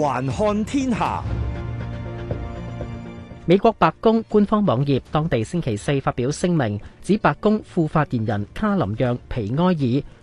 環看天下，美國白宮官方網頁當地星期四發表聲明，指白宮副發言人卡琳讓皮埃爾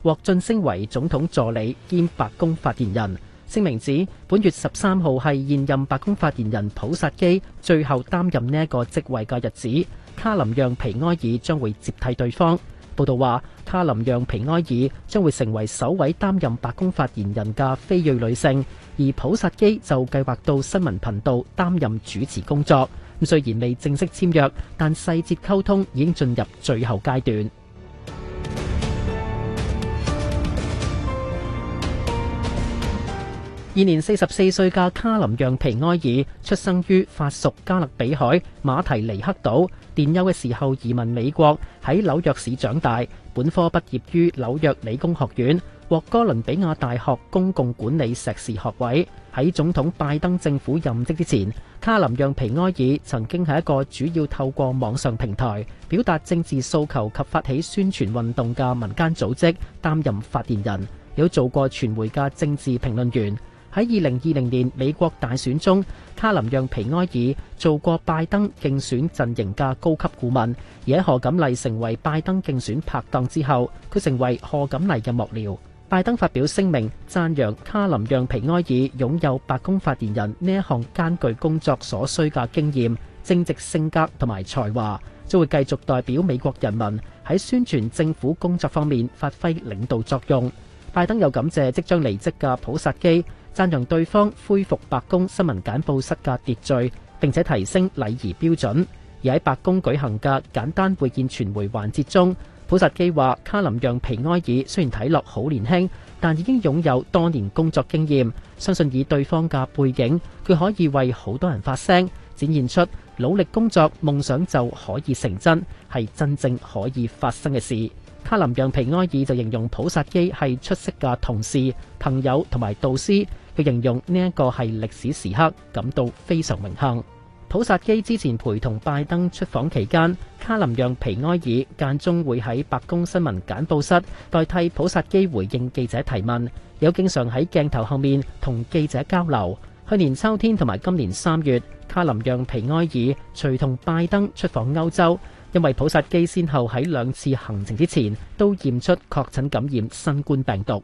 獲晉升為總統助理兼白宮發言人。聲明指本月十三號係現任白宮發言人普薩基最後擔任呢一個職位嘅日子，卡琳讓皮埃爾將會接替對方。報道話，卡琳讓皮埃爾將會成為首位擔任白宮發言人嘅非裔女性，而普薩基就計劃到新聞頻道擔任主持工作。咁雖然未正式簽約，但細節溝通已經進入最後階段。現年四十四歲嘅卡琳讓皮埃爾出生於法屬加勒比海馬提尼克島，年幼嘅時候移民美國，喺紐約市長大。本科畢業於紐約理工學院，獲哥倫比亞大學公共管理碩士學位。喺總統拜登政府任職之前，卡琳讓皮埃爾曾經係一個主要透過網上平台表達政治訴求及發起宣傳運動嘅民間組織擔任發言人，有做過傳媒嘅政治評論員。喺二零二零年美國大選中，卡琳讓皮埃爾做過拜登競選陣營嘅高級顧問。而喺賀錦麗成為拜登競選拍檔之後，佢成為賀錦麗嘅幕僚。拜登發表聲明，讚揚卡琳讓皮埃爾擁有白宮發言人呢一項艱巨工作所需嘅經驗、正直性格同埋才華，將會繼續代表美國人民喺宣傳政府工作方面發揮領導作用。拜登又感謝即將離職嘅普薩基。讚揚對方恢復白宮新聞簡報室嘅秩序，並且提升禮儀標準。而喺白宮舉行嘅簡單會見傳媒環節中，普薩基話：卡琳讓皮埃爾雖然睇落好年輕，但已經擁有多年工作經驗，相信以對方嘅背景，佢可以為好多人發聲，展現出，努力工作，夢想就可以成真，係真正可以發生嘅事。卡琳讓皮埃爾就形容普薩基係出色嘅同事、朋友同埋導師。佢形容呢一個係歷史時刻，感到非常榮幸。普薩基之前陪同拜登出訪期間，卡琳讓皮埃爾間中會喺白宮新聞簡報室代替普薩基回應記者提問，有經常喺鏡頭後面同記者交流。去年秋天同埋今年三月，卡琳讓皮埃爾隨同拜登出訪歐洲，因為普薩基先後喺兩次行程之前都驗出確診感染新冠病毒。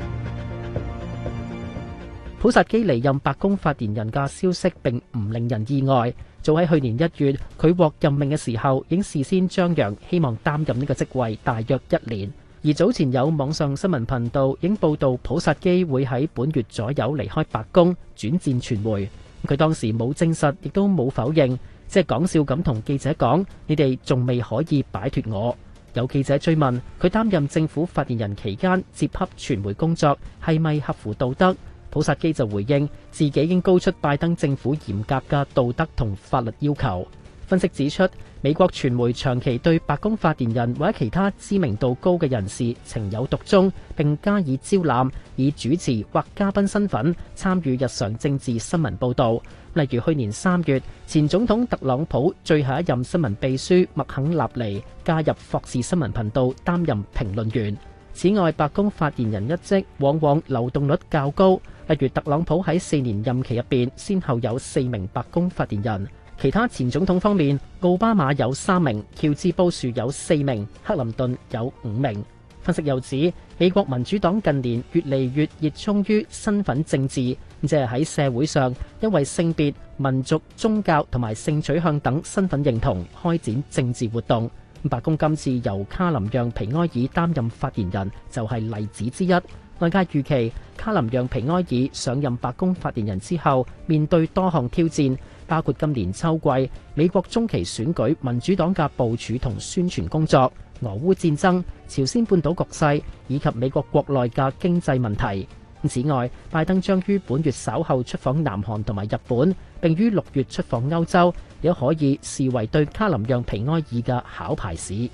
普薩基離任白宮發言人嘅消息並唔令人意外。早喺去年一月，佢獲任命嘅時候，已事先張揚希望擔任呢個職位大約一年。而早前有網上新聞頻道已經報道，普薩基會喺本月左右離開白宮，轉戰傳媒。佢當時冇證實，亦都冇否認，即係講笑咁同記者講：你哋仲未可以擺脫我。有記者追問佢擔任政府發言人期間，接洽傳媒工作係咪合乎道德？普薩基就回應自己已經高出拜登政府嚴格嘅道德同法律要求。分析指出，美國傳媒長期對白宮發言人或者其他知名度高嘅人士情有獨鍾，並加以招攬，以主持或嘉賓身份參與日常政治新聞報道。例如去年三月，前總統特朗普最後一任新聞秘書麥肯納尼加入霍士新聞頻道擔任評論員。此外，白宮發言人一職往往流動率較高，例如特朗普喺四年任期入邊，先後有四名白宮發言人。其他前總統方面，奧巴馬有三名，喬治布殊有四名，克林頓有五名。分析又指，美國民主黨近年越嚟越熱衷於身份政治，即係喺社會上因為性別、民族、宗教同埋性取向等身份認同開展政治活動。咁白宮今次由卡琳讓皮埃爾擔任發言人，就係例子之一。外界預期卡琳讓皮埃爾上任白宮發言人之後，面對多項挑戰。包括今年秋季美國中期選舉、民主黨嘅部署同宣傳工作、俄烏戰爭、朝鮮半島局勢以及美國國內嘅經濟問題。此外，拜登將於本月稍後出訪南韓同埋日本，並於六月出訪歐洲，也可以視為對卡琳讓皮埃爾嘅考牌試。